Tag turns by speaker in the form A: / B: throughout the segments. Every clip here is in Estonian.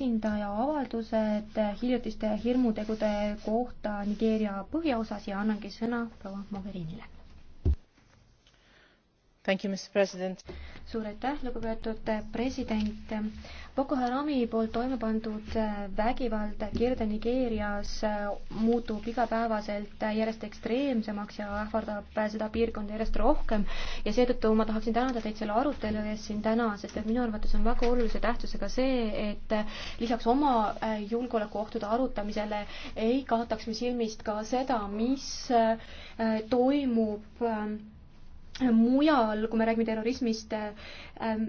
A: esindaja avaldused hiljutiste hirmutegude kohta Nigeeria põhjaosas ja annangi sõna proua Mogherinile suur aitäh, lugupeetud president. Boko Harami poolt toime pandud äh, vägivald Kirde-Nigeerias äh, muutub igapäevaselt äh, järjest ekstreemsemaks ja ähvardab seda piirkonda järjest rohkem ja seetõttu ma tahaksin tänada teid selle arutelu eest siin täna, sest et minu arvates on väga olulise tähtsusega see, et lisaks oma julgeolekuohtude arutamisele ei kaotaks me silmist ka seda, mis toimub mujal, kui me räägime terrorismist ähm,,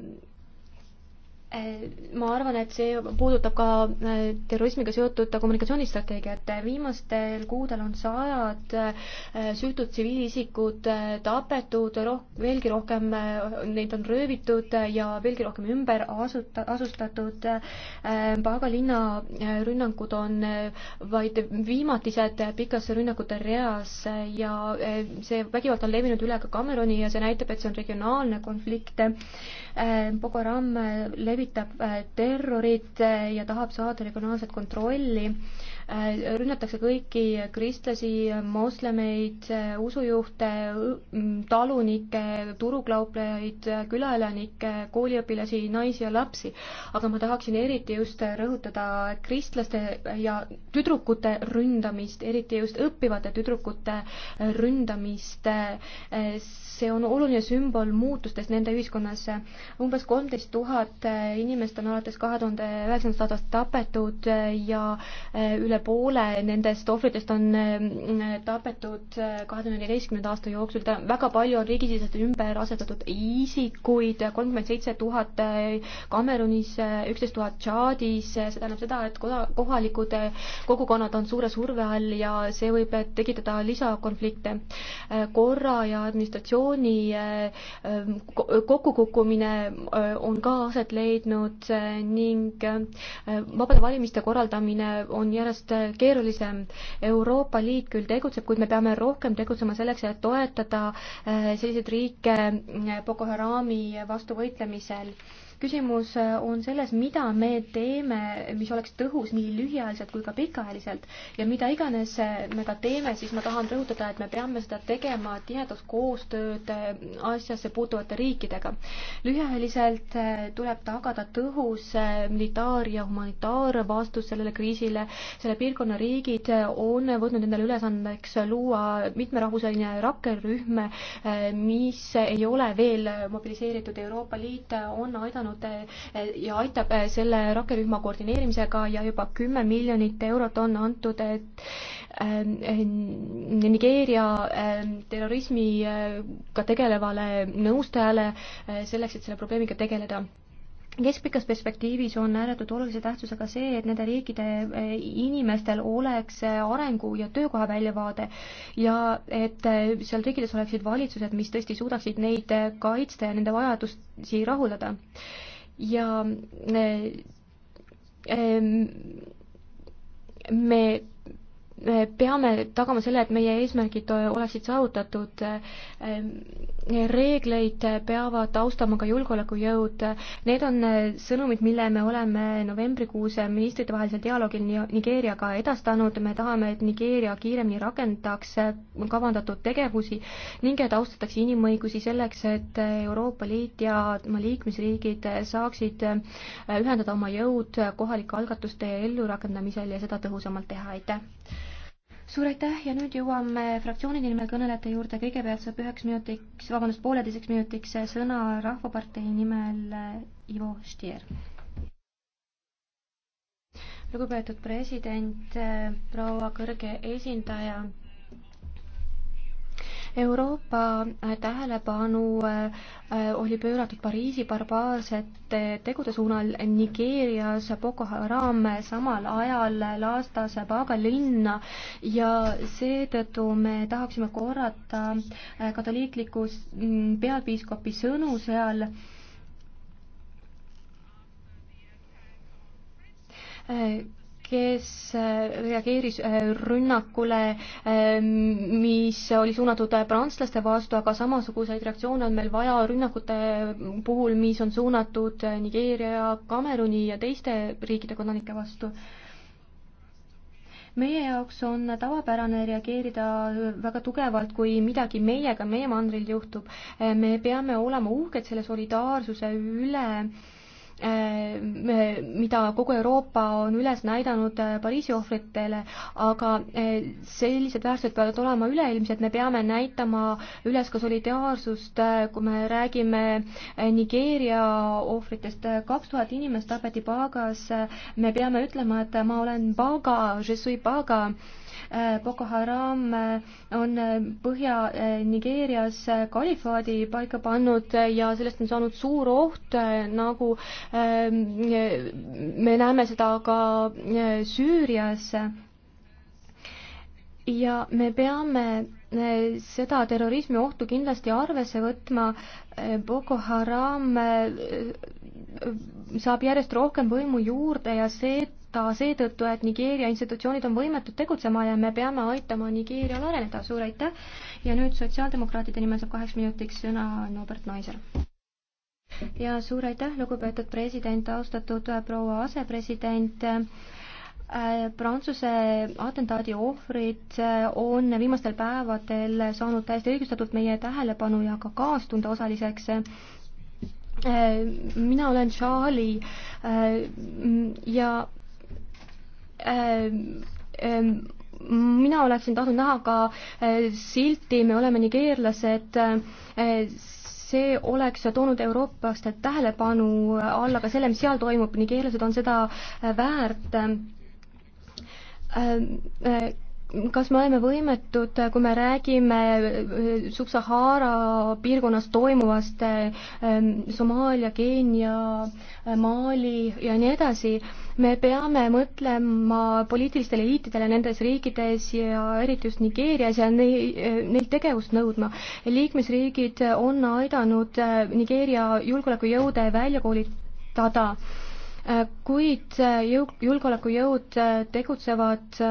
A: ma arvan, et see puudutab ka äh, terrorismiga seotud kommunikatsioonistrateegiat. viimastel kuudel on sajad äh, süütud tsiviilisikud äh, tapetud, roh-, veelgi rohkem neid on röövitud ja veelgi rohkem ümber asuta-, asustatud. Paga linna rünnakud on vaid viimatised pikas rünnakute reas ja see vägivald on levinud üle ka Kameruni ja see näitab, et see on regionaalne konflikt Äh, Boko Haram äh, levitab äh, terrorit ja tahab saada regionaalset kontrolli Äh, rünnatakse kõiki kristlasi, moslemeid, äh, usujuhte, mm, talunikke, turuklauplejaid, äh, külaelanikke, kooliõpilasi, naisi ja lapsi. aga ma tahaksin eriti just rõhutada kristlaste ja tüdrukute ründamist, eriti just õppivate tüdrukute ründamist. see on oluline sümbol muutustest nende ühiskonnas. umbes kolmteist tuhat inimest on alates kahe tuhande üheksandast aastast tapetud ja üle poole nendest ohvritest on mm, tapetud äh, kahe tuhande neljateistkümnenda aasta jooksul, väga palju on riigisiseselt ümber asetatud isikuid, kolmkümmend seitse tuhat äh, Kamerunis, äh, üksteist tuhat Tšaadis, see tähendab seda, et kohalikud kogukonnad on suure surve all ja see võib tekitada lisakonflikte. korra ja administratsiooni kokkukukkumine on ka aset leidnud ning vabade valimiste korraldamine on järjest järjest keerulisem. Euroopa Liit küll tegutseb, kuid me peame rohkem tegutsema selleks, et toetada äh, selliseid riike äh, Boko Harami vastu võitlemisel küsimus äh, on selles, mida me teeme, mis oleks tõhus nii lühiajaliselt kui ka pikaajaliselt ja mida iganes äh, me ka teeme, siis ma tahan rõhutada, et me peame seda tegema tihedas koostööd äh, asjasse puutuvate riikidega. lühiajaliselt tuleb tagada tõhus militaar- ja humanitaarvastus sellele kriisile, selle piirkonna riigid on võtnud endale ülesandeks luua mitmerahvuseline rakkerühm, mis ei ole veel mobiliseeritud, Euroopa Liit on aidanud teinud eh, ja aitab eh, selle rakkerühma koordineerimisega ja juba kümme miljonit eurot on antud eh, Nigeeria terrorismiga tegelevale nõustajale selleks, et selle probleemiga tegeleda keskpikas perspektiivis on ääretult olulise tähtsusega see, et nende riikide eh, inimestel oleks eh, arengu ja töökoha väljavaade ja et eh, seal riikides oleksid valitsused, mis tõesti suudaksid neid kaitsta ja nende vajadusi rahuldada. ja me me peame tagama selle, et meie eesmärgid äh, oleksid saavutatud. Äh, äh, reegleid peavad austama ka julgeolekujõud. Need on sõnumid, mille me oleme novembrikuus ministritevahelisel dialoogil Nigeeriaga edastanud. me tahame, et Nigeeria kiiremini rakendaks kavandatud tegevusi ning et austatakse inimõigusi selleks, et Euroopa Liit ja tema liikmesriigid saaksid ühendada oma jõud kohalike algatuste ellurakendamisel ja seda tõhusamalt teha. aitäh! suur aitäh ja nüüd jõuame fraktsioonide nimel kõnelejate juurde, kõigepealt saab üheks minutiks, vabandust, pooleteiseks minutiks sõna Rahvapartei nimel Ivo Stier. lugupeetud president, proua kõrge esindaja Euroopa äh, tähelepanu äh, oli pööratud Pariisi barbaarsete tegude suunal Nigeerias, Boko Haram samal ajal laastas Baga linna ja seetõttu me tahaksime korrata äh, katoliikliku mm, pealpiiskopi sõnu seal kes äh, reageeris äh, rünnakule, ähm, mis oli suunatud äh, prantslaste vastu, aga samasuguseid reaktsioone on meil vaja rünnakute puhul, mis on suunatud Nigeeria, Kameruni ja teiste riikide kodanike vastu meie jaoks on tavapärane reageerida väga tugevalt, kui midagi meiega, meie mandril juhtub. me peame olema uhked selle solidaarsuse üle Äh, mida kogu Euroopa on üles näidanud äh, Pariisi ohvritele, aga äh, sellised väärtused peavad olema üleilmsed, me peame näitama üles ka solidaarsust, kui me räägime Nigeeria ohvritest, kaks tuhat inimest tapeti Pagas, me peame ütlema, et ma olen Paga, je suis Paga Boko Haram on Põhja-Nigeerias kalifaadi paika pannud ja sellest on saanud suur oht, nagu ähm, me näeme seda ka äh, Süürias ja me peame äh, seda terrorismi ohtu kindlasti arvesse võtma. Äh, Boko Haram saab järjest rohkem võimu juurde ja see seda seetõttu, et Nigeeria institutsioonid on võimetud tegutsema ja me peame aitama Nigeerial areneda. suur aitäh ja nüüd sotsiaaldemokraatide nimel saab kaheks minutiks sõna Norbert Naiser. ja suur aitäh, lugupeetud president, austatud proua asepresident äh, Prantsuse atentaadi ohvrid äh, on viimastel päevadel saanud täiesti õigustatult meie tähelepanu ja ka kaastunde osaliseks. Äh, mina olen Charlie ja Ähm, ähm, mina oleksin tahtnud näha ka äh, silti Me oleme nigeerlased, äh, see oleks toonud eurooplaste tähelepanu alla ka selle, mis seal toimub, nigeerlased on seda äh, väärt ähm, kas me oleme võimetud, kui me räägime Sub-Sahara piirkonnas toimuvast Somaalia, Keenia, Mali ja nii edasi, me peame mõtlema poliitilistele eliitidele nendes riikides ja eriti just Nigeerias ja nei, neilt tegevust nõudma. liikmesriigid on aidanud äh, Nigeeria julgeolekujõude välja koolitada, äh, kuid äh, julgeolekujõud tegutsevad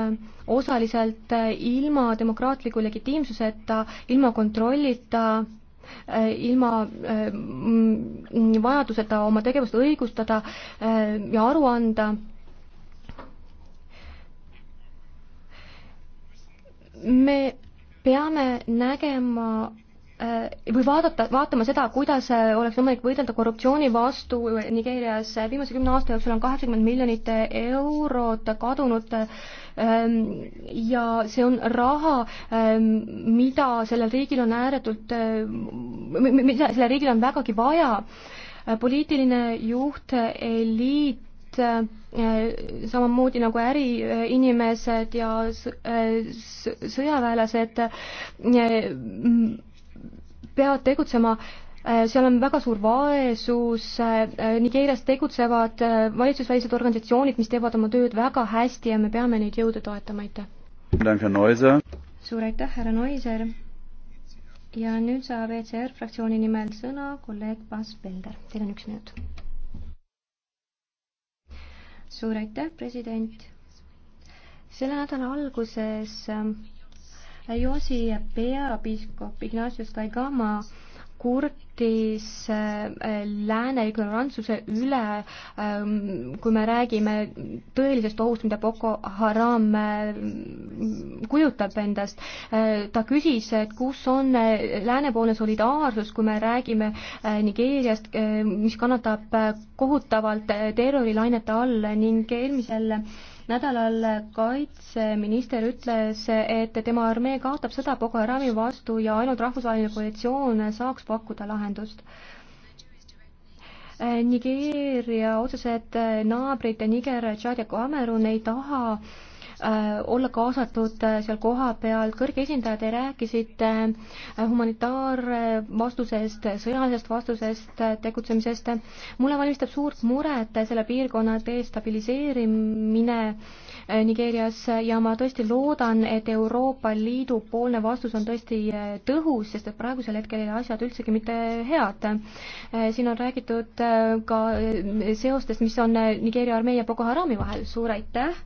A: osaliselt ilma demokraatliku legitiimsuseta, ilma kontrollita Äh, ilma äh, mm, vajaduseta oma tegevust õigustada äh, ja aru anda. me peame nägema Äh, või vaadata, vaatama seda, kuidas äh, oleks võimalik võidelda korruptsiooni vastu äh, Nigeerias. viimase kümne aasta jooksul on kaheksakümmend miljonit eurot kadunud ähm, ja see on raha, ähm, mida sellel riigil on ääretult, mida sellel riigil on vägagi vaja. poliitiline juht, eliit, samamoodi nagu äriinimesed ja sõjaväelased peavad tegutsema äh, seal on väga suur vaesus, äh, Nigeerias tegutsevad äh, valitsusvälised organisatsioonid, mis teevad oma tööd väga hästi ja me peame neid jõude toetama, aitäh! suur aitäh, härra Noiser! ja nüüd saab ECR fraktsiooni nimel sõna kolleeg Bas Belder, teil on üks minut. suur aitäh, president! selle nädala alguses ähm, Josi peapiiskop Ignatius Taigama kurtis äh, lääne ignorantsuse üle, ähm, kui me räägime tõelisest ohust, mida Boko Haram äh, kujutab endast. Äh, ta küsis, et kus on läänepoolne solidaarsus, kui me räägime Nigeeriast, mis kannatab kohutavalt terrorilainete all ning eelmisel nädalal kaitseminister ütles, et tema armee kaotab sõda Boko Harami vastu ja ainult rahvusvaheline koalitsioon saaks pakkuda lahendust. Nigeeria otsesed naabrid Niger, Tšaad ja Kamerun ei taha äh, Äh, olla kaasatud äh, seal kohapeal. kõrge esindaja, te rääkisite äh, humanitaarvastusest, sõjalisest vastusest, tegutsemisest. mulle valmistab suurt muret selle piirkonna destabiliseerimine Nigeerias ja ma tõesti loodan, et Euroopa Liidu poolne vastus on tõesti tõhus, sest et praegusel hetkel ei ole asjad üldsegi mitte head. siin on räägitud ka seostest, mis on Nigeeria armee ja Boko Harami vahel. suur aitäh!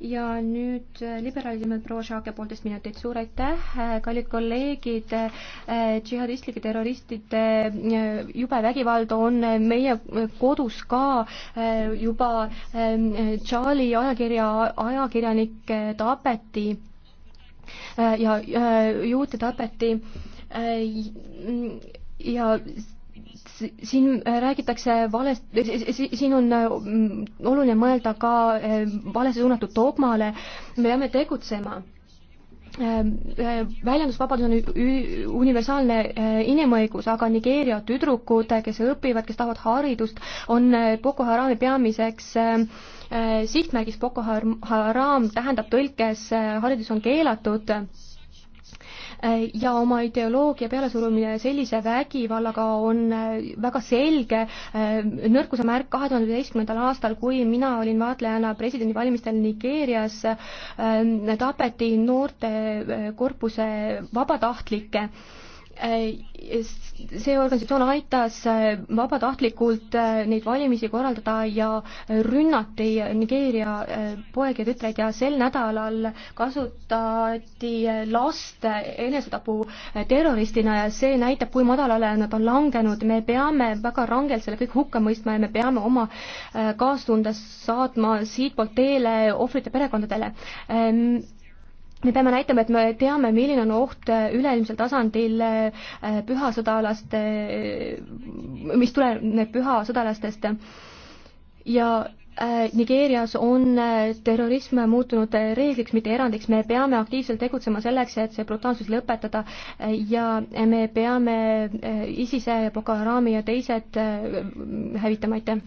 A: ja nüüd äh, liberaalide nimel proua Šaake poolteist minutit, suur aitäh, äh, kallid kolleegid, äh, džihadistlike terroristide jube vägivald on meie kodus ka juba ähm, Charlie ajakirja, ajakirjanik tapeti ja juute tapeti ja siin äh, räägitakse valest, siin on äh, mm, oluline mõelda ka äh, valesse suunatud dogmale, me peame tegutsema ähm, väljendusvabadus on universaalne inimõigus, aga Nigeeria tüdrukud, kes õpivad, kes tahavad haridust, on Boko Harami peamiseks sihtmärgiks. Boko Haram tähendab tõlkes haridus on keelatud Äh, ja oma ideoloogia pealesurumine sellise vägivallaga on äh, väga selge äh, nõrkuse märk kahe tuhande üheteistkümnendal aastal, kui mina olin vaatlejana presidendivalimistel Nigeerias, tapeti noorte korpuse vabatahtlikke see organisatsioon aitas äh, vabatahtlikult äh, neid valimisi korraldada ja rünnati Nigeeria äh, poegi ja tütreid ja sel nädalal kasutati last enesetapu terroristina ja see näitab, kui madalale nad on langenud. me peame väga rangelt selle kõik hukka mõistma ja me peame oma kaastundes saatma siitpoolt teele ohvrite perekondadele ehm, me peame näitama, et me teame, milline on oht äh, üleilmsel tasandil äh, äh, pühasõdalaste, mis tuleneb pühasõdalastest ja Nigeerias on terrorism muutunud reegliks, mitte erandiks, me peame aktiivselt tegutsema selleks, et see brutaalsus lõpetada ja me peame ISISe ja Boko Harami ja teised hävitama, aitäh.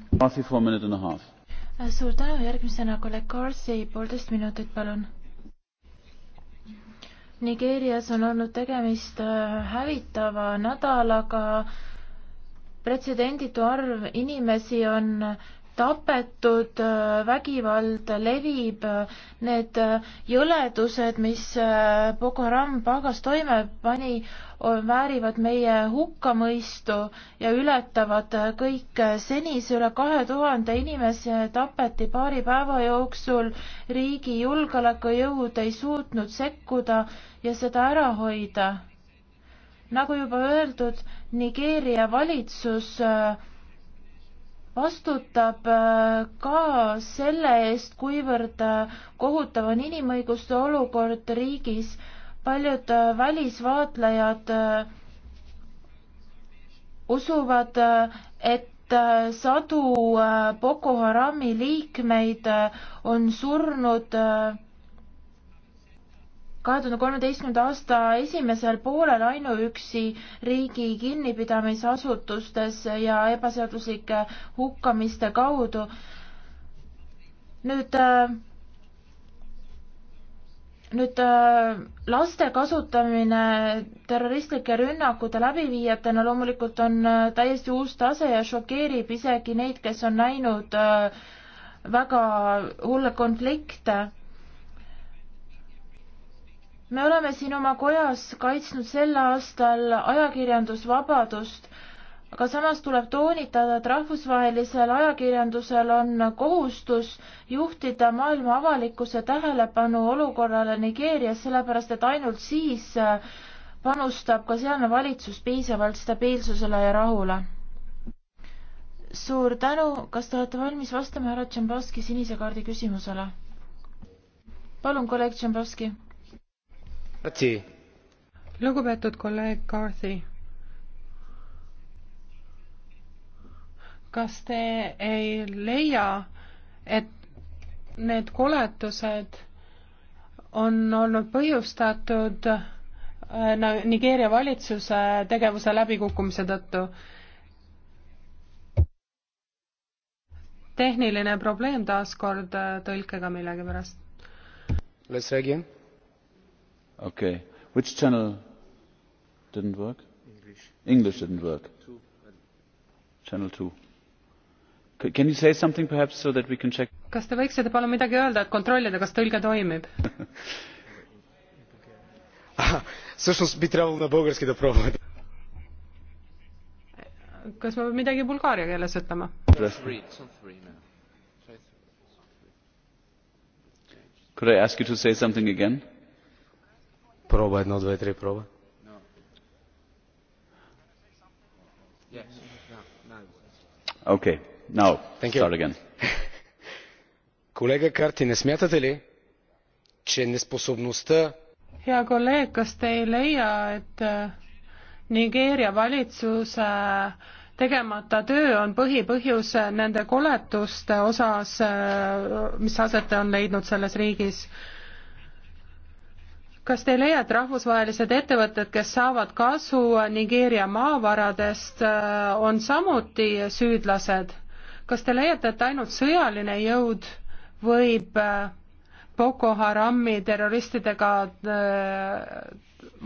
B: suur tänu, järgmisena kolleeg Corsi, poolteist minutit, palun Nigeerias on olnud tegemist äh, hävitava nädalaga. pretsedenditu arv inimesi on tapetud, vägivald levib, need jõledused, mis Boko Haram pagas toime pani, väärivad meie hukkamõistu ja ületavad kõik senise üle kahe tuhande inimese tapeti paari päeva jooksul. riigi julgeolekujõud ei suutnud sekkuda ja seda ära hoida. nagu juba öeldud, Nigeeria valitsus äh, vastutab äh, ka selle eest, kuivõrd äh, kohutav on inimõiguste olukord riigis. paljud äh, välisvaatlejad usuvad, et sadu Boko Harami liikmeid on surnud kahe tuhande kolmeteistkümnenda aasta esimesel poolel ainuüksi riigi kinnipidamisasutustes ja ebaseaduslike hukkamiste kaudu. nüüd äh, nüüd äh, laste kasutamine terroristlike rünnakute läbiviijatena loomulikult on äh, täiesti uus tase ja šokeerib isegi neid, kes on näinud väga hulle konflikte me oleme siin oma kojas kaitsnud sel aastal ajakirjandusvabadust, aga samas tuleb toonitada, et rahvusvahelisel ajakirjandusel on kohustus juhtida maailma avalikkuse tähelepanu olukorrale Nigeerias, sellepärast et ainult siis äh, panustab ka sealne valitsus piisavalt stabiilsusele ja rahule. suur tänu, kas te olete valmis vastama härra Tšambaski sinise kaardi
C: küsimusele? palun, kolleeg Tšambaski lugupeetud kolleeg Carthy, kas te ei leia, et need koletused on olnud põhjustatud äh, Nigeeria valitsuse tegevuse läbikukkumise tõttu? tehniline probleem taas kord äh, tõlkega millegipärast.
A: Let's say again Okay. Which channel didn't work? English. English didn't work. Two. Channel 2. Can you say something perhaps so that we can check?
C: kas te võiksite palun midagi öelda, et kontrollida, kas tõlge toimib
A: Всъщност би трябвало на български да пробваме.
C: Kas ma pean midagi bulgaaria keeles ütlema?
A: Could I ask you to say something again? Проба, едно, две, три, проба. Yes. No, no. Okay. Now, Thank start you. again. Колега Карти, не смятате ли, че неспособността...
C: Hea kolleeg, kas te ei leia, et eh, Nigeeria valitsuse tegemata töö on põhipõhjus nende koletuste osas, eh, mis aset on leidnud selles riigis? kas te ei leia, et rahvusvahelised ettevõtted, kes saavad kasu Nigeeria maavaradest, äh, on samuti süüdlased? kas te leiate, et ainult sõjaline jõud võib äh, Boko Harami terroristidega äh,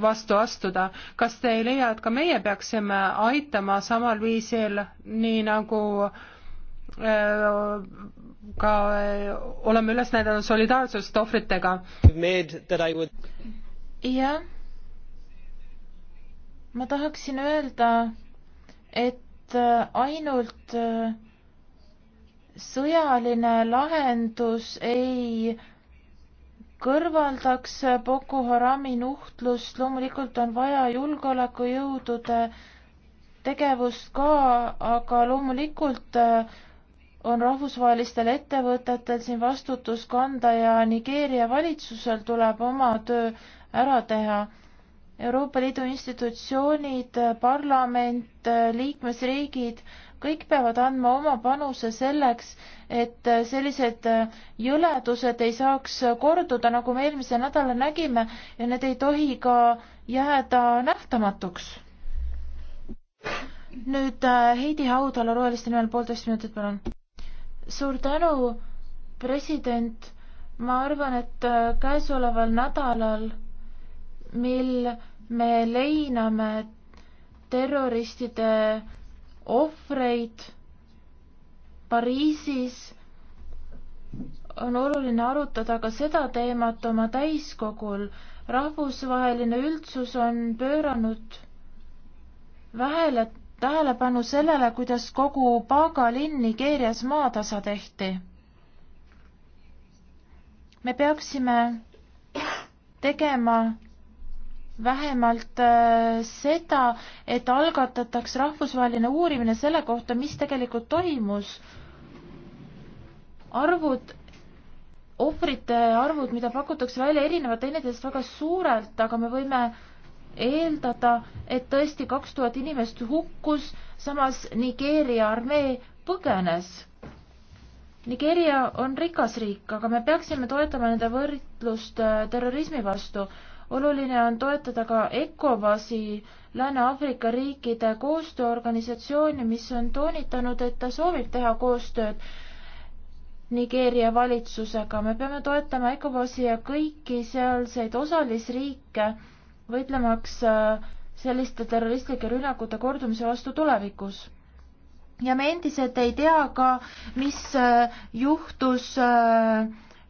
C: vastu astuda. kas te ei leia, et ka meie peaksime aitama samal viisil, nii nagu ka äh, oleme üles näidanud solidaarsust ohvritega. jah.
B: ma tahaksin öelda, et äh, ainult äh, sõjaline lahendus ei kõrvaldaks Boko Harami nuhtlust, loomulikult on vaja julgeolekujõudude tegevust ka, aga loomulikult äh, on rahvusvahelistel ettevõtetel siin vastutus kanda ja Nigeeria valitsusel tuleb oma töö ära teha. Euroopa Liidu institutsioonid, parlament, liikmesriigid, kõik peavad andma oma panuse selleks, et sellised jõledused ei saaks korduda, nagu me eelmisel nädalal nägime ja need ei tohi ka jääda nähtamatuks. nüüd äh, Heidi Haudala Roheliste nimel poolteist minutit, palun suur tänu, president. ma arvan, et äh, käesoleval nädalal, mil me leiname terroristide ohvreid Pariisis, on oluline arutada ka seda teemat oma täiskogul. rahvusvaheline üldsus on pööranud vähele tähelepanu sellele, kuidas kogu Paga linn Nigeerias maatasa tehti. me peaksime tegema vähemalt äh, seda, et algatataks rahvusvaheline uurimine selle kohta, mis tegelikult toimus. arvud, ohvrite arvud, mida pakutakse välja, erinevad teineteisest väga suurelt, aga me võime eeldada, et tõesti kaks tuhat inimest hukkus, samas Nigeeria armee põgenes. Nigeeria on rikas riik, aga me peaksime toetama nende võrdlust äh, terrorismi vastu. oluline on toetada ka ECOWAS-i Lääne-Aafrika riikide koostööorganisatsiooni, mis on toonitanud, et ta soovib teha koostööd Nigeeria valitsusega. me peame toetama ECOWAS-i ja kõiki sealseid osalisriike võitlemaks äh, selliste terroristlike rünnakute kordumise vastu tulevikus. ja me endiselt ei tea ka, mis äh, juhtus äh,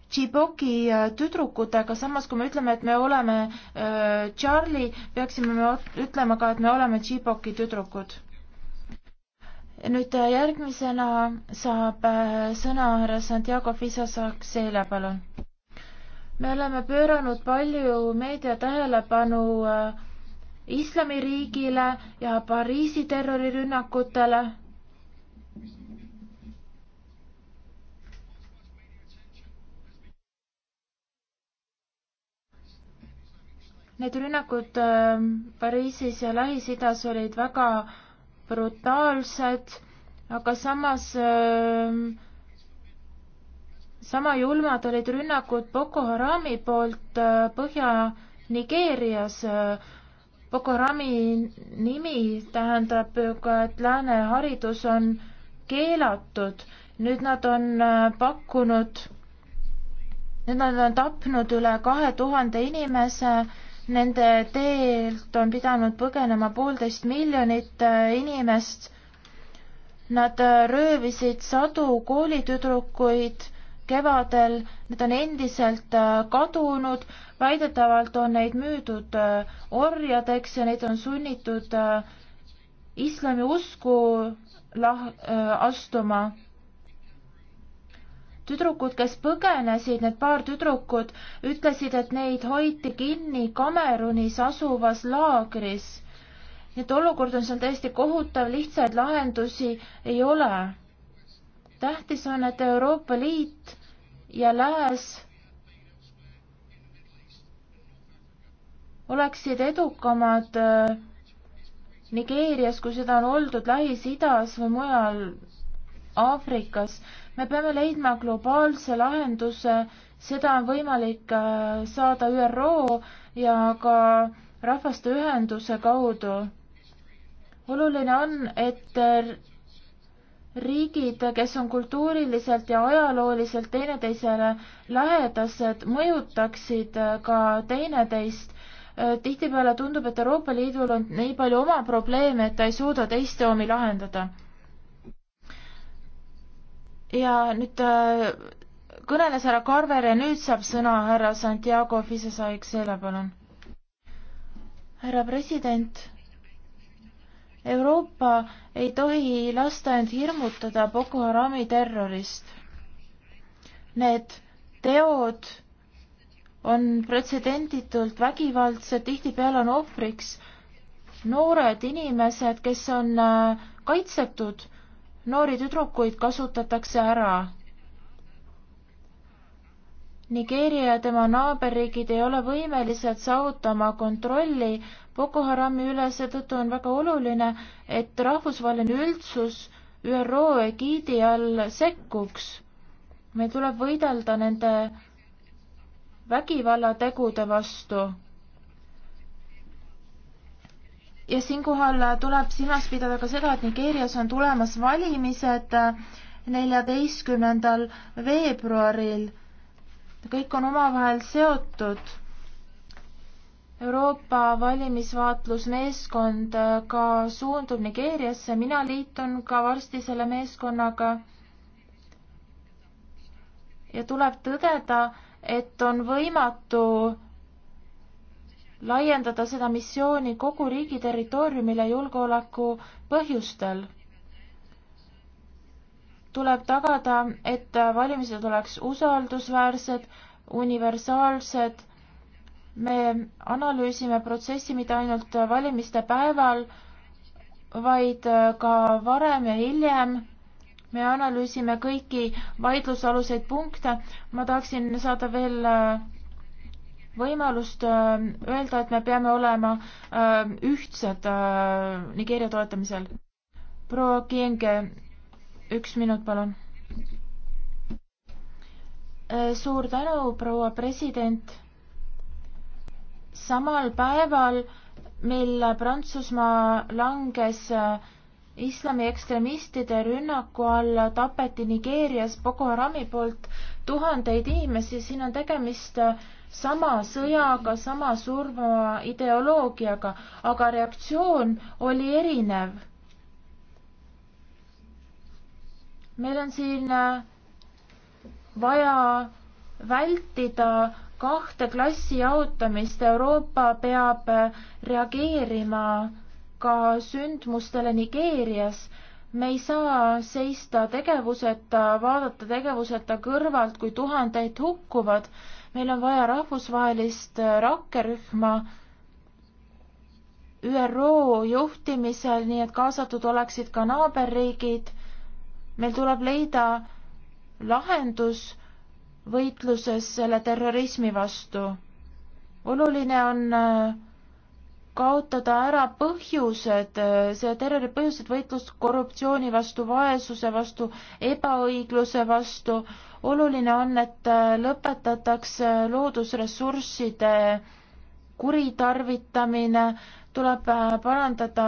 B: Tšiboki tüdrukutega, samas kui me ütleme, et me oleme äh, Charlie, peaksime me ütlema ka, et me oleme Tšiboki tüdrukud. nüüd järgmisena saab äh, sõna härra Santiago Fisasak-Seele, palun me oleme pööranud palju meedia tähelepanu äh, islamiriigile ja Pariisi terrorirünnakutele. Need rünnakud äh, Pariisis ja Lähis-Idas olid väga brutaalsed, aga samas äh, sama julmad olid rünnakud Boko Harami poolt äh, Põhja-Nigeerias. Äh, Boko Harami nimi tähendab ju ka, et lääne haridus on keelatud. nüüd nad on äh, pakkunud, nüüd nad on tapnud üle kahe tuhande inimese, nende teelt on pidanud põgenema poolteist miljonit inimest. Nad röövisid sadu koolitüdrukuid kevadel, need on endiselt äh, kadunud, väidetavalt on neid müüdud äh, orjadeks ja neid on sunnitud äh, islami usku lah-, astuma. tüdrukud, kes põgenesid, need paar tüdrukut, ütlesid, et neid hoiti kinni Kamerunis asuvas laagris. nii et olukord on seal täiesti kohutav, lihtsaid lahendusi ei ole tähtis on, et Euroopa Liit ja Lääs oleksid edukamad äh, Nigeerias, kui seda on oldud Lähis-Idas või mujal Aafrikas. me peame leidma globaalse lahenduse, seda on võimalik äh, saada ÜRO ja ka Rahvaste Ühenduse kaudu. oluline on, et äh, riigid, kes on kultuuriliselt ja ajalooliselt teineteisele lähedased, mõjutaksid äh, ka teineteist. Äh, tihtipeale tundub, et Euroopa Liidul on nii palju oma probleeme, et ta ei suuda teiste omi lahendada. ja nüüd äh, kõneles härra Karver ja nüüd saab sõna härra Santiago Fisesaiks, selle palun. härra president Euroopa ei tohi lasta end hirmutada Boko Harami terrorist. Need teod on pretsedenditult vägivaldsed, tihtipeale on ohvriks noored inimesed, kes on äh, kaitsetud, noori tüdrukuid kasutatakse ära Nigeeria ja tema naaberriigid ei ole võimelised saavutama kontrolli Boko Harami üle, seetõttu on väga oluline, et rahvusvaheline üldsus ÜRO egiidi all sekkuks. meil tuleb võidelda nende vägivallategude vastu. ja siinkohal tuleb silmas pidada ka seda, et Nigeerias on tulemas valimised neljateistkümnendal veebruaril kõik on omavahel seotud. Euroopa valimisvaatlusmeeskond äh, ka suundub Nigeeriasse, mina liitun ka varsti selle meeskonnaga. ja tuleb tõdeda, et on võimatu laiendada seda missiooni kogu riigi territooriumile julgeoleku põhjustel tuleb tagada, et valimised oleks usaldusväärsed, universaalsed. me analüüsime protsessi mitte ainult valimiste päeval, vaid ka varem ja hiljem. me analüüsime kõiki vaidlusaluseid punkte. ma tahaksin saada veel äh, võimalust äh, öelda, et me peame olema äh, ühtsed Nigeeria toetamisel. proua Kienge üks minut, palun. Äh, suur tänu, proua president. samal päeval, mil Prantsusmaa langes äh, islami ekstremistide rünnaku alla, tapeti Nigeerias Boko Harami poolt tuhandeid inimesi, siin on tegemist äh, sama sõjaga, sama surmava ideoloogiaga, aga reaktsioon oli erinev meil on siin äh, vaja vältida kahte klassi jaotamist. Euroopa peab äh, reageerima ka sündmustele Nigeerias. me ei saa seista tegevuseta, vaadata tegevuseta kõrvalt, kui tuhandeid hukkuvad. meil on vaja rahvusvahelist äh, rakkerühma ÜRO juhtimisel, nii et kaasatud oleksid ka naaberriigid meil tuleb leida lahendus võitluses selle terrorismi vastu. oluline on äh, kaotada ära põhjused, äh, see terrori põhjused, võitlus korruptsiooni vastu, vaesuse vastu, ebaõigluse vastu. oluline on, et äh, lõpetataks loodusressursside kuritarvitamine, tuleb parandada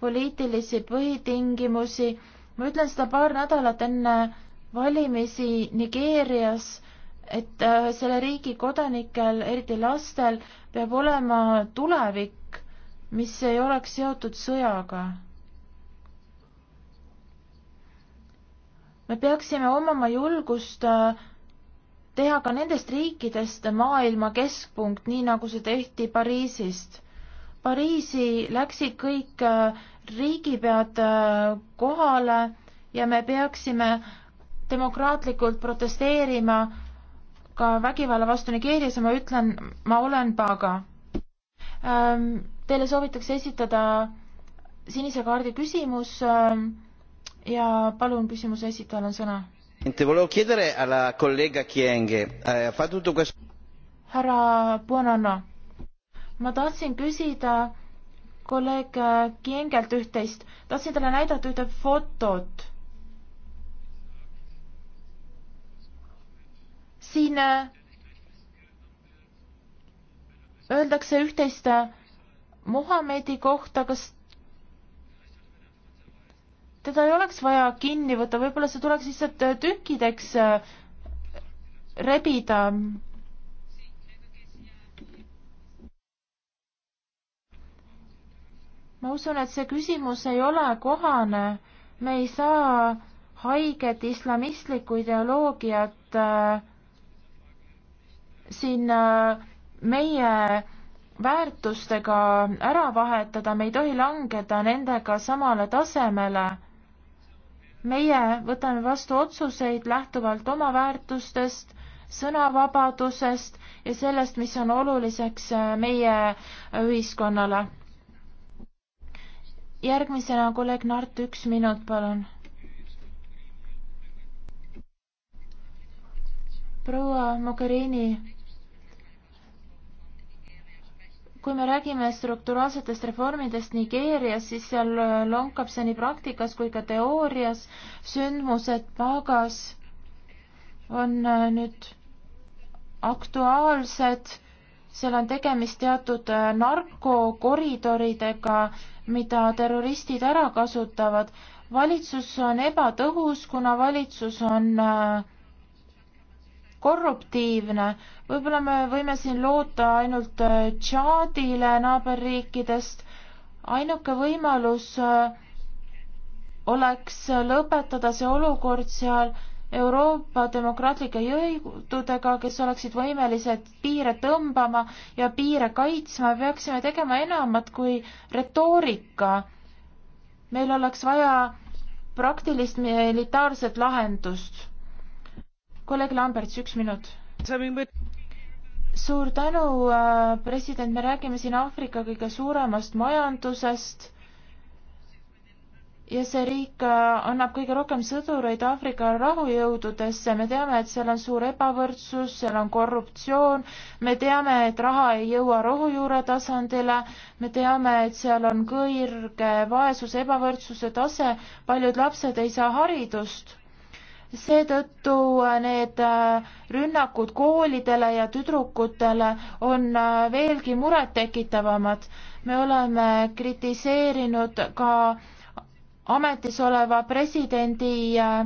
B: poliitilisi põhitingimusi ma ütlen seda paar nädalat enne valimisi Nigeerias, et äh, selle riigi kodanikel, eriti lastel, peab olema tulevik, mis ei oleks seotud sõjaga. me peaksime omama julgust äh, teha ka nendest riikidest maailma keskpunkt, nii nagu see tehti Pariisist Pariisi läksid kõik äh, riigipead äh, kohale ja me peaksime demokraatlikult protesteerima ka vägivalla vastu Nigeerias ja ma ütlen, ma olen paga. Ähm, teile soovitakse esitada sinise kaardi küsimus ähm, ja palun küsimuse esitajal on sõna. Eh, härra Buonanno ma tahtsin küsida kolleeg Kiengelt üht-teist, tahtsin talle näidata ühte fotot. siin äh, öeldakse üht-teist äh, Muhamedi kohta, kas teda ei oleks vaja kinni võtta, võib-olla see tuleks lihtsalt äh, tükkideks rebida ma usun, et see küsimus ei ole kohane, me ei saa haiget islamistlikku ideoloogiat äh, siin äh, meie väärtustega ära vahetada, me ei tohi langeda nendega samale tasemele. meie võtame vastu otsuseid lähtuvalt oma väärtustest, sõnavabadusest ja sellest, mis on oluliseks äh, meie ühiskonnale järgmisena kolleeg Nart, üks minut, palun. proua Mogherini, kui me räägime strukturaalsetest reformidest Nigeerias, siis seal äh, lonkab see nii praktikas kui ka teoorias. sündmused Pagas on äh, nüüd aktuaalsed, seal on tegemist teatud äh, narkokoridoridega mida terroristid ära kasutavad. valitsus on ebatõhus, kuna valitsus on äh, korruptiivne, võib-olla me võime siin loota ainult äh, Tšaadile naaberriikidest, ainuke võimalus äh, oleks lõpetada see olukord seal Euroopa demokraatlike jõududega, kes oleksid võimelised piire tõmbama ja piire kaitsma, peaksime tegema enamat kui retoorika. meil oleks vaja praktilist militaarset lahendust. kolleeg Lamberts, üks minut. suur tänu, äh, president, me räägime siin Aafrika kõige suuremast majandusest ja see riik äh, annab kõige rohkem sõdureid Aafrika rahujõududesse, me teame, et seal on suur ebavõrdsus, seal on korruptsioon, me teame, et raha ei jõua rohujuure tasandile, me teame, et seal on kõrge vaesuse, ebavõrdsuse tase, paljud lapsed ei saa haridust. seetõttu äh, need äh, rünnakud koolidele ja tüdrukutele on veelgi murettekitavamad. me oleme kritiseerinud ka ametis oleva presidendi äh,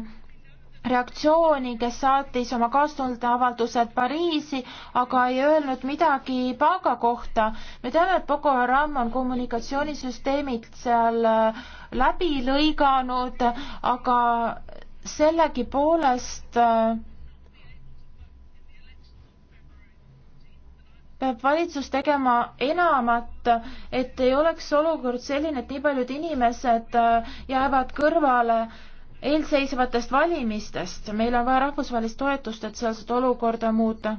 B: reaktsiooni, kes saatis oma kaastundeavaldused Pariisi, aga ei öelnud midagi Paga kohta. me teame, et Boko Haram on kommunikatsioonisüsteemid seal äh, läbi lõiganud, aga sellegipoolest äh, peab valitsus tegema enamat, et ei oleks olukord selline, et nii paljud inimesed äh, jäävad kõrvale eelseisvatest valimistest. meil on vaja rahvusvahelist toetust, et sealset olukorda muuta.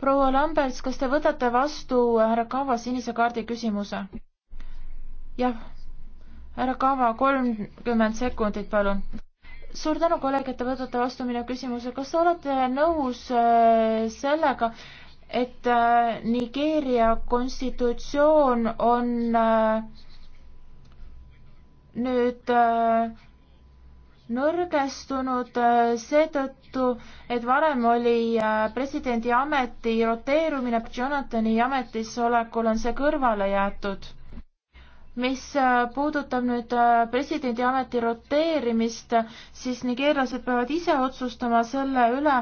B: proua Lamberts, kas te võtate vastu härra Kava sinise kaardi küsimuse? jah. härra Kava, kolmkümmend sekundit, palun. suur tänu, kolleeg, et te võtate vastu minu küsimuse. kas te olete nõus äh, sellega, et äh, Nigeeria konstitutsioon on äh, nüüd äh, nõrgestunud seetõttu, et varem oli presidendi ameti roteerumine, Jonathani ametis olekul on see kõrvale jäetud mis äh, puudutab nüüd äh, presidendi ameti roteerimist, siis nigeerlased peavad ise otsustama selle üle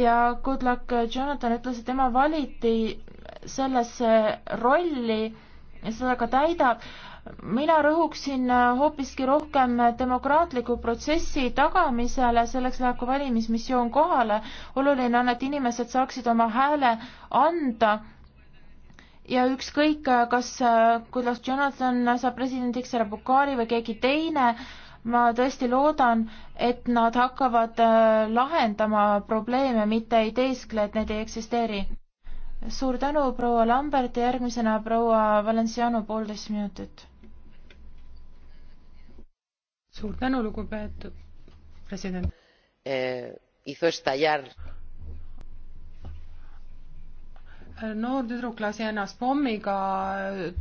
B: ja good luck äh, Jonathan ütles, et tema valiti sellesse rolli ja seda ka täidab. mina rõhuksin hoopiski rohkem demokraatliku protsessi tagamisele, selleks läheb ka valimismissioon kohale. oluline on, et inimesed saaksid oma hääle anda ja ükskõik, äh, kas, äh, kuidas Jonathan saab presidendiks, härra Bukari või keegi teine, ma tõesti loodan, et nad hakkavad äh, lahendama probleeme, mitte ei teeskle, et need ei eksisteeri. suur tänu, proua Lambert ja järgmisena proua Valenciano, poolteist minutit.
C: suur tänu, lugupeetud president
B: eh,. hizo estallar
C: noor tüdruk lasi ennast pommiga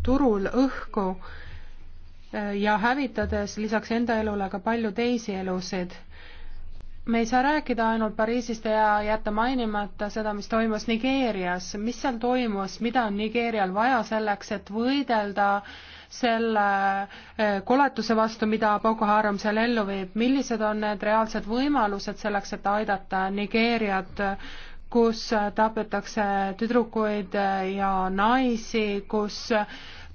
C: turul õhku eh, ja hävitades lisaks enda elule ka palju teisi elusid. me ei saa rääkida ainult Pariisist ja jätta mainimata seda, mis toimus Nigeerias, mis seal toimus, mida on Nigeerial vaja selleks, et võidelda selle eh, koletuse vastu, mida Boko Haram seal ellu viib, millised on need reaalsed võimalused selleks, et aidata Nigeeriat kus äh, tapetakse tüdrukuid äh, ja naisi, kus äh,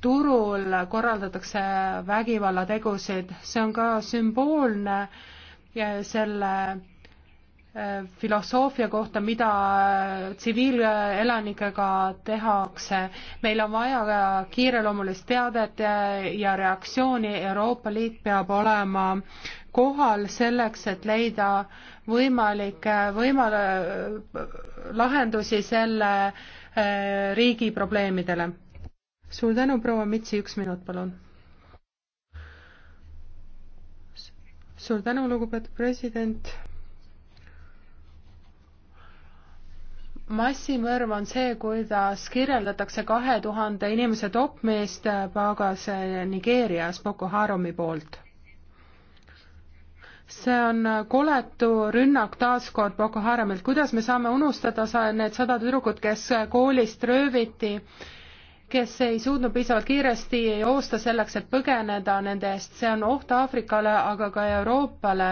C: turul korraldatakse vägivallategusid, see on ka sümboolne selle filosoofia kohta, mida tsiviilelanikega tehakse. meil on vaja ka kiireloomulist teadet ja reaktsiooni, Euroopa Liit peab olema kohal selleks, et leida võimalikke äh, võimal-, äh, lahendusi selle äh, riigi probleemidele. suur tänu, proua Mitsi, üks minut, palun. suur tänu, lugupeetud president massimõrv on see, kuidas kirjeldatakse kahe tuhande inimese topmist Pagase Nigeerias Boko Harami poolt see on koletu rünnak taaskord Boko Haramilt, kuidas me saame unustada sa-, need sada tüdrukut, kes koolist rööviti, kes ei suutnud piisavalt kiiresti joosta selleks, et põgeneda nende eest, see on oht Aafrikale, aga ka Euroopale.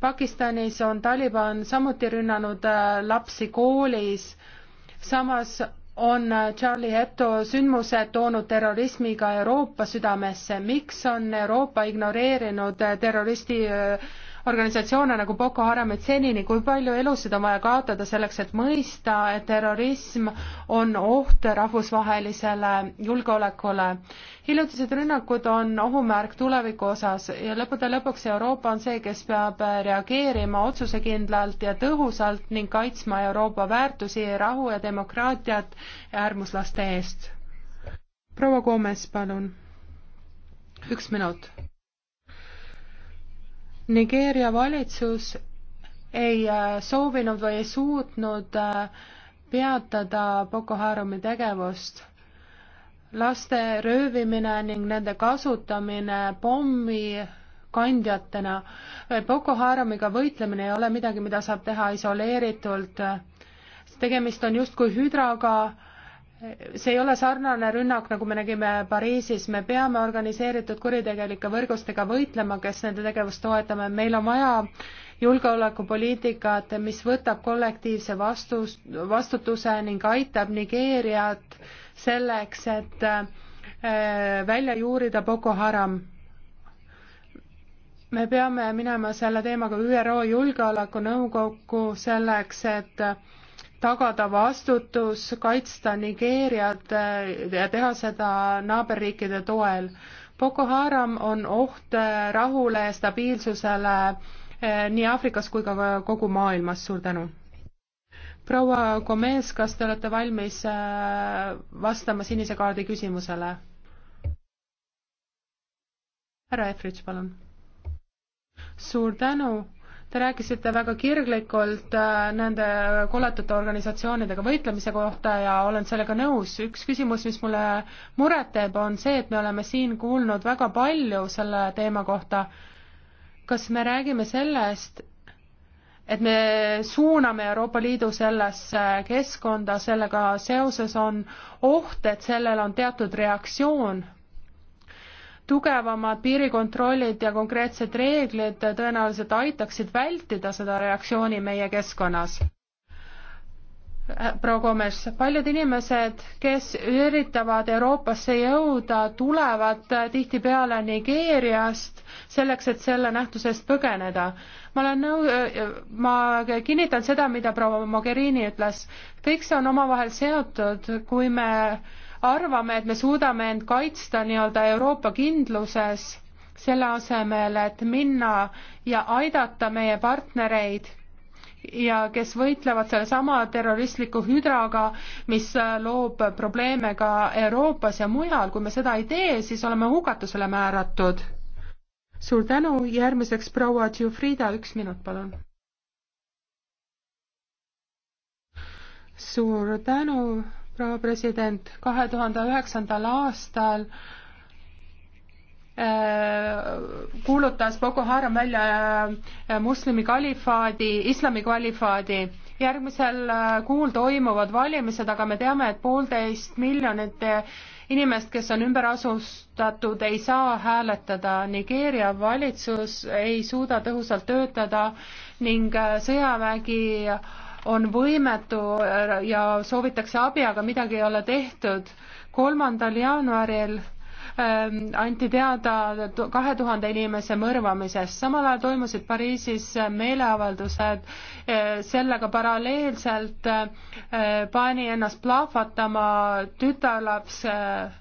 C: Pakistanis on Taliban samuti rünnanud äh, lapsi koolis, samas on äh, Charlie Hebdo sündmused toonud terrorismi ka Euroopa südamesse, miks on Euroopa ignoreerinud äh, terroristi äh, organisatsioone nagu Boko Haramit senini, kui palju elusid on vaja kaotada selleks, et mõista, et terrorism on oht rahvusvahelisele julgeolekule. hiljutised rünnakud on ohumärk tuleviku osas ja lõppude lõpuks Euroopa on see, kes peab reageerima otsusekindlalt ja tõhusalt ning kaitsma Euroopa väärtusi, rahu ja demokraatiat äärmuslaste eest. proua Gomes, palun. üks minut Nigeeria valitsus ei äh, soovinud või ei suutnud äh, peatada Boko Harami tegevust. laste röövimine ning nende kasutamine pommi kandjatena. Äh, Boko Haramiga võitlemine ei ole midagi, mida saab teha isoleeritult. tegemist on justkui hüdraga, see ei ole sarnane rünnak, nagu me nägime Pariisis, me peame organiseeritud kuritegelike võrgustega võitlema, kes nende tegevust toetame, meil on vaja julgeolekupoliitikat, mis võtab kollektiivse vastus, vastutuse ning aitab Nigeeriat selleks, et äh, välja juurida Boko Haram. me peame minema selle teemaga ÜRO Julgeolekunõukokku selleks, et tagada vastutus, kaitsta Nigeeriat äh, ja teha seda naaberriikide toel. Boko Haram on oht äh, rahule ja stabiilsusele äh, nii Aafrikas kui ka kogu maailmas, suur tänu. proua Gomez, kas te olete valmis vastama sinise kaardi küsimusele? härra Efrits, palun. suur tänu Te rääkisite väga kirglikult äh, nende koletute organisatsioonidega võitlemise kohta ja olen sellega nõus. üks küsimus, mis mulle muret teeb, on see, et me oleme siin kuulnud väga palju selle teema kohta. kas me räägime sellest, et me suuname Euroopa Liidu sellesse keskkonda, sellega seoses on oht, et sellel on teatud reaktsioon tugevamad piirikontrollid ja konkreetsed reeglid tõenäoliselt aitaksid vältida seda reaktsiooni meie keskkonnas. proua Gomes, paljud inimesed, kes üritavad Euroopasse jõuda, tulevad tihtipeale Nigeeriast selleks, et selle nähtusest põgeneda. ma olen nõu-, ma kinnitan seda, mida proua Mogherini ütles, kõik see on omavahel seotud, kui me arvame, et me suudame end kaitsta nii-öelda Euroopa kindluses, selle asemel, et minna ja aidata meie partnereid ja kes võitlevad sellesama terroristliku hüdraga, mis loob probleeme ka Euroopas ja mujal, kui me seda ei tee, siis oleme hukatusele määratud. suur tänu, järgmiseks proua Tšufrida, üks minut, palun. suur tänu proua president, kahe tuhande üheksandal aastal äh, kuulutas Boko Haram välja äh, moslemi kalifaadi, islami kalifaadi. järgmisel äh, kuul toimuvad valimised, aga me teame, et poolteist miljonit inimest, kes on ümber asustatud, ei saa hääletada. Nigeeria valitsus ei suuda tõhusalt töötada ning sõjavägi äh, on võimetu ja soovitakse abi, aga midagi ei ole tehtud. kolmandal jaanuaril ähm, anti teada kahe tuhande inimese mõrvamisest. samal ajal toimusid Pariisis meeleavaldused, äh, sellega paralleelselt äh, pani ennast plahvatama tütarlaps äh,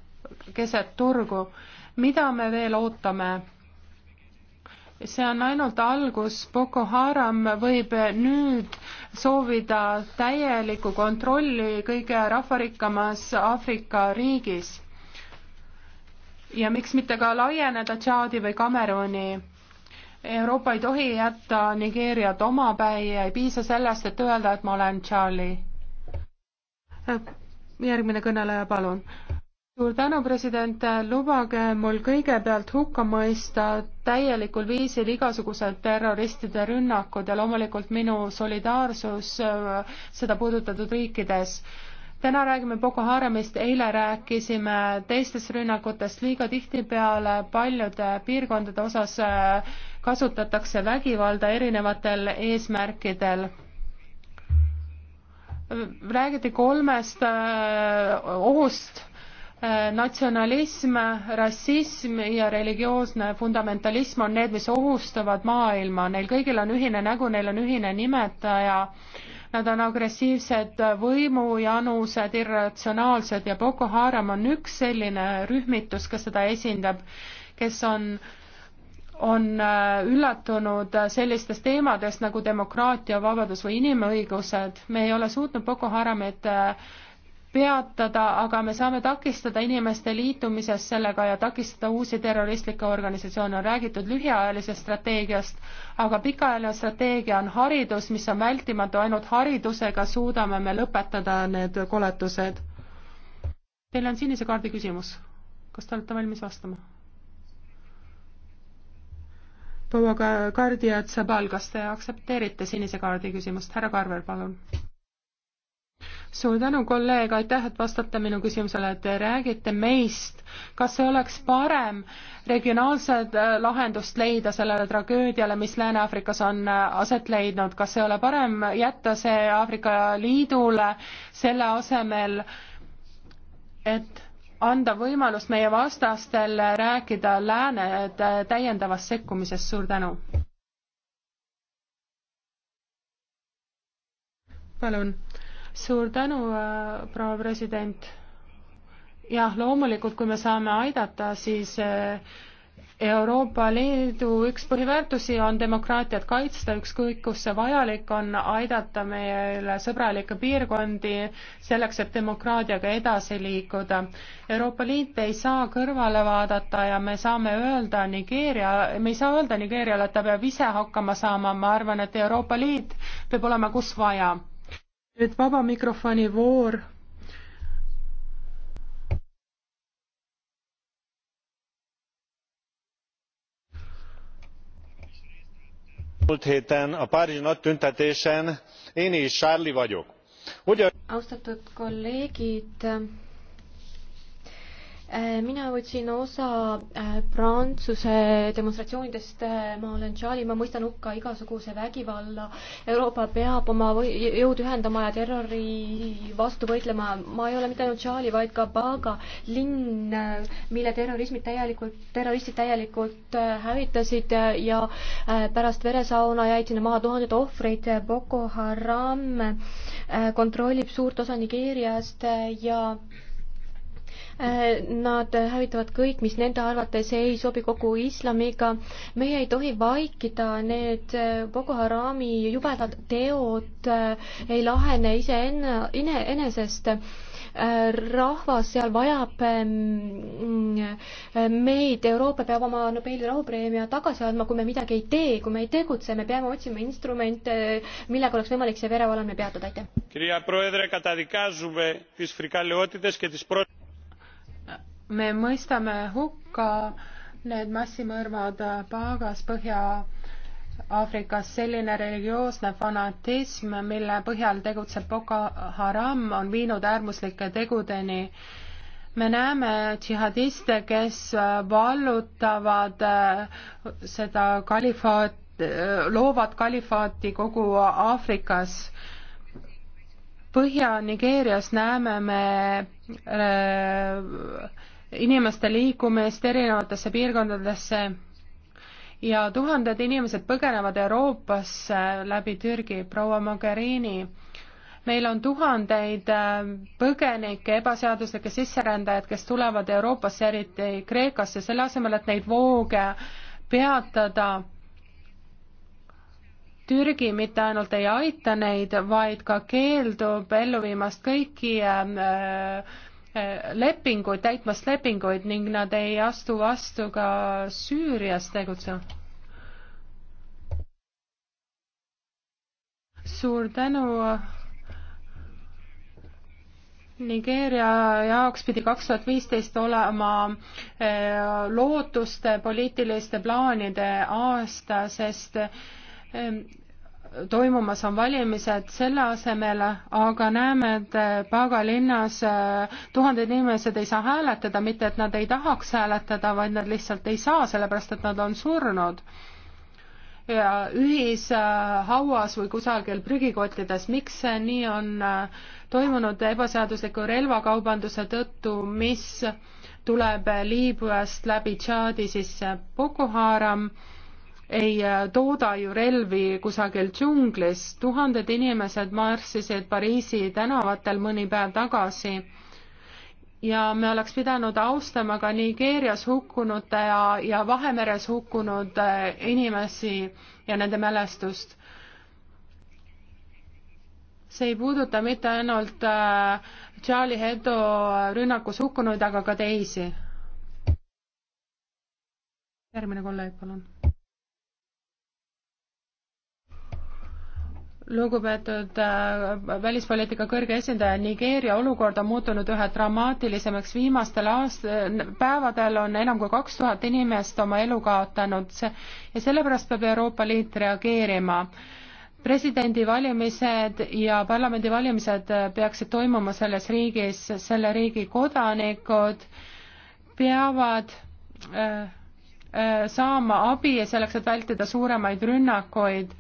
C: keset turgu. mida me veel ootame? see on ainult algus, Boko Haram võib nüüd soovida täielikku kontrolli kõige rahvarikkamas Aafrika riigis. ja miks mitte ka laieneda Tšaadi või Kameruni. Euroopa ei tohi jätta Nigeeriat omapäi ja ei piisa sellest, et öelda, et ma olen Charlie. järgmine kõneleja, palun suur tänu, president, lubage mul kõigepealt hukka mõista täielikul viisil igasugused terroristide rünnakud ja loomulikult minu solidaarsus äh, seda puudutatud riikides. täna räägime Boko Haramist, eile rääkisime teistest rünnakutest, liiga tihtipeale paljude piirkondade osas äh, kasutatakse vägivalda erinevatel eesmärkidel räägiti kolmest äh, ohust Äh, natsionalism, rassism ja religioosne fundamentalism on need, mis ohustavad maailma, neil kõigil on ühine nägu, neil on ühine nimetaja, nad on agressiivsed, võimujanused, irratsionaalsed ja Boko Haram on üks selline rühmitus, kes seda esindab, kes on on äh, üllatunud sellistest teemadest nagu demokraatia, vabadus või inimõigused. me ei ole suutnud Boko Haramit äh, peatada, aga me saame takistada inimeste liitumisest sellega ja takistada uusi terroristlikke organisatsioone. on räägitud lühiajalisest strateegiast, aga pikaajaline strateegia on haridus, mis on vältimatu, ainult haridusega suudame me lõpetada need koletused. Teil on sinise kaardi küsimus. kas te olete valmis vastama? proua Kardia Tsabal, kas te aktsepteerite sinise kaardi küsimust? härra Karver, palun suur tänu, kolleeg, aitäh, et vastate minu küsimusele, te räägite meist. kas ei oleks parem regionaalset äh, lahendust leida sellele tragöödiale, mis Lääne-Aafrikas on äh, aset leidnud, kas ei ole parem jätta see Aafrika Liidule selle asemel, et anda võimalus meie vastastel rääkida lääne äh, täiendavast sekkumisest, suur tänu. palun suur tänu, äh, proua president. jah, loomulikult, kui me saame aidata, siis äh, Euroopa Liidu üks põhiväärtusi on demokraatiat kaitsta, ükskõik kus see vajalik on, aidata meile sõbralikke piirkondi selleks, et demokraatiaga edasi liikuda. Euroopa Liit ei saa kõrvale vaadata ja me saame öelda Nigeeria, me ei saa öelda Nigeeriale, et ta peab ise hakkama saama, ma arvan, et Euroopa Liit peab olema kus vaja nüüd vaba mikrofoni voor. múlt héten a párizsi nagy tüntetésen én is charlie vagyok.
A: austatud kolleegid! Äh, mina võtsin osa äh, Prantsuse demonstratsioonidest, äh, ma olen Charlie, ma mõistan hukka igasuguse vägivalla. Euroopa peab oma jõud ühendama ja terrori vastu võitlema. ma ei ole mitte ainult Charlie, vaid ka Baga linn, mille terrorismid täielikult, terroristid täielikult hävitasid ja pärast veresauna jäid sinna maha tuhanded ohvrid. Boko Haram kontrollib suurt osa Nigeeriast ja Äh, nad hävitavad kõik, mis nende arvates ei sobi kogu islamiga. meie ei tohi vaikida, need äh, Boko Harami jubedad teod äh, ei lahene iseenne, enesest rahvas seal vajab ähm, meid, Euroopa peab oma Nobeli rahupreemia tagasi andma, kui me midagi ei tee, kui me ei tegutse, me peame otsima instrumente, millega oleks võimalik see verevalamine peatada, aitäh me mõistame
C: hukka need massimõrvad Paagas Põhja Aafrikas selline religioosne fanatism, mille põhjal tegutseb Boko Haram, on viinud äärmuslike tegudeni. me näeme džihadiste, kes vallutavad eh, seda kalifaat, eh, loovad kalifaati kogu Aafrikas. Põhja-Nigeerias näeme me äh, inimeste liikumist erinevatesse piirkondadesse ja tuhanded inimesed põgenevad Euroopasse läbi Türgi, proua Mogherini. meil on tuhandeid äh, põgenikke, ebaseaduslikke sisserändajaid, kes tulevad Euroopasse, eriti Kreekasse, selle asemel, et neid vooge peatada. Türgi mitte ainult ei aita neid, vaid ka keeldub ellu viimast kõiki äh, lepinguid, täitmast lepinguid ning nad ei astu vastu ka Süürias tegutsema. suur tänu. Nigeeria jaoks pidi kaks tuhat viisteist olema eh, lootuste, poliitiliste plaanide aasta, sest eh, toimumas on valimised selle asemel, aga näeme, et Paga linnas äh, tuhanded inimesed ei saa hääletada, mitte et nad ei tahaks hääletada, vaid nad lihtsalt ei saa, sellepärast et nad on surnud. ja ühishauas äh, või kusagil prügikottides, miks see nii on äh, toimunud ebaseadusliku relvakaubanduse tõttu, mis tuleb Liibüast läbi Tšaadi sisse Boko Haram ei äh, tooda ju relvi kusagil džunglis. tuhanded inimesed marssisid Pariisi tänavatel mõni päev tagasi ja me oleks pidanud austama ka Nigeerias hukkunute ja, ja Vahemeres hukkunud äh, inimesi ja nende mälestust. see ei puuduta mitte ainult äh, Charlie Hebdo rünnakus hukkunuid, aga ka teisi. järgmine kolleeg, palun lugupeetud äh, välispoliitika kõrge esindaja, Nigeeria olukord on muutunud üha dramaatilisemaks, viimastel aast-, päevadel on enam kui kaks tuhat inimest oma elu kaotanud ja sellepärast peab Euroopa Liit reageerima. presidendivalimised ja parlamendivalimised äh, peaksid toimuma selles riigis, selle riigi kodanikud peavad äh, äh saama abi selleks, et vältida suuremaid rünnakuid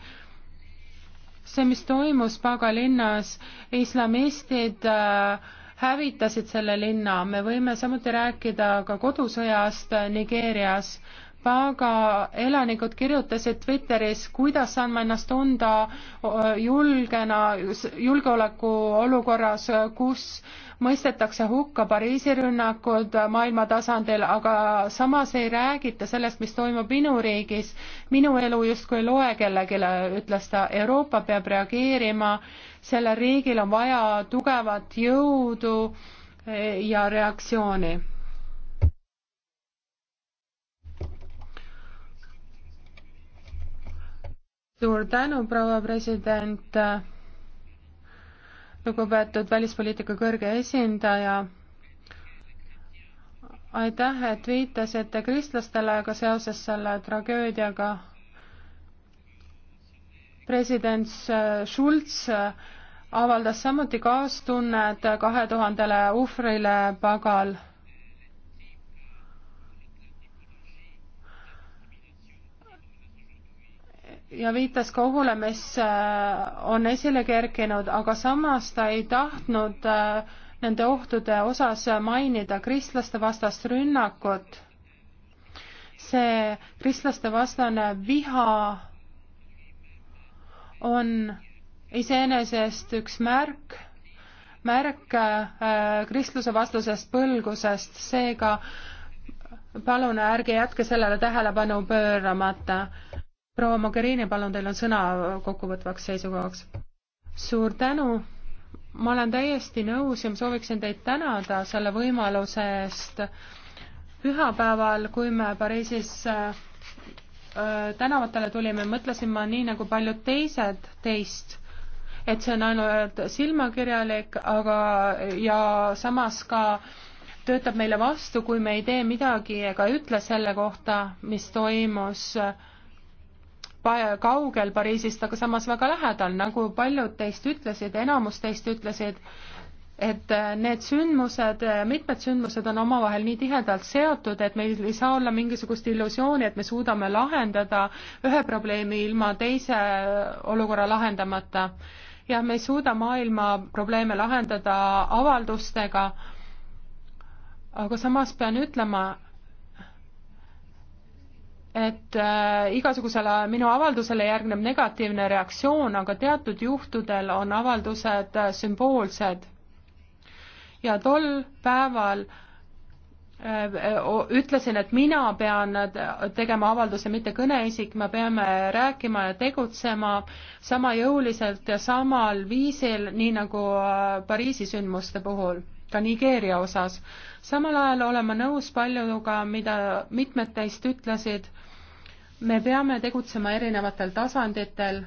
C: see, mis toimus Paga linnas, islamistid äh, hävitasid selle linna, me võime samuti rääkida ka kodusõjast Nigeerias Paga elanikud kirjutasid Twitteris, kuidas saan ma ennast tunda julgena julgeolekuolukorras, kus mõistetakse hukka Pariisi rünnakud maailma tasandil, aga samas ei räägita sellest, mis toimub minu riigis. minu elu justkui ei loe kellelegi, ütles ta. Euroopa peab reageerima, sellel riigil on vaja tugevat jõudu e, ja reaktsiooni suur tänu, proua president, lugupeetud välispoliitika kõrge esindaja, aitäh, et viitasite kristlastele ka seoses selle tragöödiaga. president Schulz avaldas samuti kaastunnet kahe tuhandele ohvrile pagal ja viitas ka ohule, mis äh, on esile kerkinud, aga samas ta ei tahtnud äh, nende ohtude osas mainida kristlaste vastast rünnakut. see kristlaste vastane viha on iseenesest üks märk, märk äh, kristluse vastasest põlgusest, seega palun ärge jätke sellele tähelepanu pööramata proua Mogherini, palun, teil on sõna kokkuvõtvaks seisukohaks. suur tänu, ma olen täiesti nõus ja ma sooviksin teid tänada selle võimaluse eest pühapäeval, kui me Pariisis äh, tänavatele tulime, mõtlesin ma nii nagu paljud teised teist, et see on ainult silmakirjalik, aga, ja samas ka töötab meile vastu, kui me ei tee midagi ega ütle selle kohta, mis toimus äh, kaugel Pariisist, aga samas väga lähedal, nagu paljud teist ütlesid, enamus teist ütlesid, et äh, need sündmused, äh, mitmed sündmused on omavahel nii tihedalt seotud, et meil ei saa olla mingisugust illusiooni, et me suudame lahendada ühe probleemi ilma teise äh, olukorra lahendamata. ja me ei suuda maailma probleeme lahendada avaldustega, aga samas pean ütlema, et äh, igasugusele minu avaldusele järgneb negatiivne reaktsioon, aga teatud juhtudel on avaldused äh, sümboolsed. ja tol päeval äh, ütlesin, et mina pean äh, tegema avalduse, mitte kõneisik, me peame rääkima ja tegutsema sama jõuliselt ja samal viisil, nii nagu äh, Pariisi sündmuste puhul ka Nigeeria osas. samal ajal olen ma nõus paljuga, mida mitmed teist ütlesid, me peame tegutsema erinevatel tasanditel,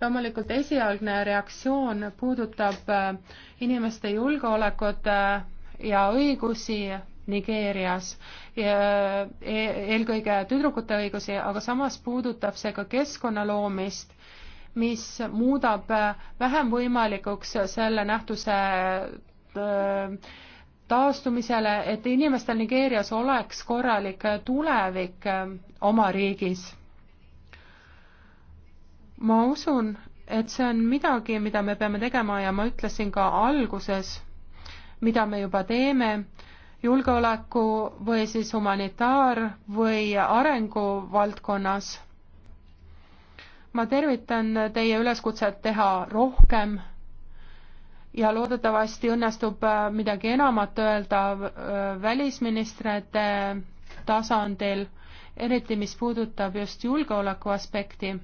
C: loomulikult esialgne reaktsioon puudutab äh, inimeste julgeolekut äh, ja õigusi Nigeerias, e, eelkõige tüdrukute õigusi, aga samas puudutab see ka keskkonna loomist, mis muudab äh, vähem võimalikuks selle nähtuse Äh, taastumisele, et inimestel Nigeerias oleks korralik tulevik äh, oma riigis. ma usun, et see on midagi, mida me peame tegema ja ma ütlesin ka alguses, mida me juba teeme, julgeoleku või siis humanitaar- või arenguvaldkonnas. ma tervitan teie üleskutset teha rohkem ja loodetavasti õnnestub äh, midagi enamat öelda äh, välisministrite tasandil, eriti mis puudutab just julgeoleku aspekti.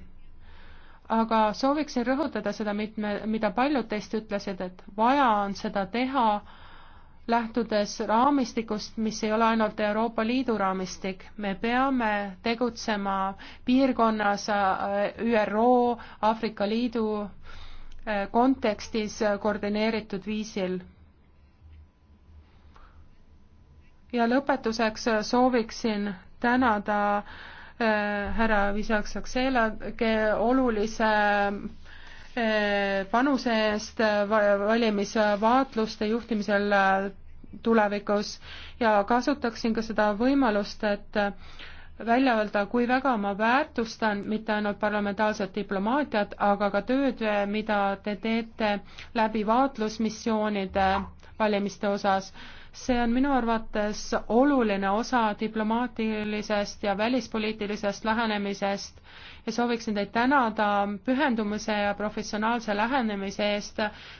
C: aga sooviksin rõhutada seda mitme, mida paljud teist ütlesid, et vaja on seda teha lähtudes raamistikust, mis ei ole ainult Euroopa Liidu raamistik, me peame tegutsema piirkonnas äh, ÜRO, Aafrika Liidu äh, kontekstis koordineeritud viisil. ja lõpetuseks sooviksin tänada äh, härra Visak Saksela olulise äh, panuse eest valimisvaatluste juhtimisel äh, tulevikus ja kasutaksin ka seda võimalust, et välja öelda, kui väga ma väärtustan mitte ainult parlamentaarset diplomaatiat, aga ka tööd, mida te teete läbi vaatlusmissioonide valimiste osas. see on minu arvates oluline osa diplomaatilisest ja välispoliitilisest lähenemisest ja sooviksin teid tänada pühendumuse ja professionaalse lähenemise eest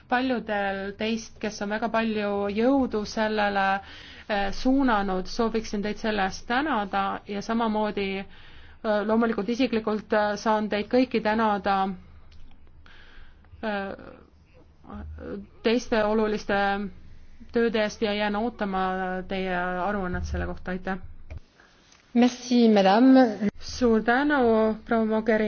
C: paljudel teist, kes on väga palju jõudu sellele äh, Äh, suunanud, sooviksin teid selle eest tänada ja samamoodi äh, loomulikult isiklikult äh, saan teid kõiki tänada teiste oluliste tööde eest ja jään ootama teie aruannet selle kohta, aitäh! suur tänu, proua Mogherini!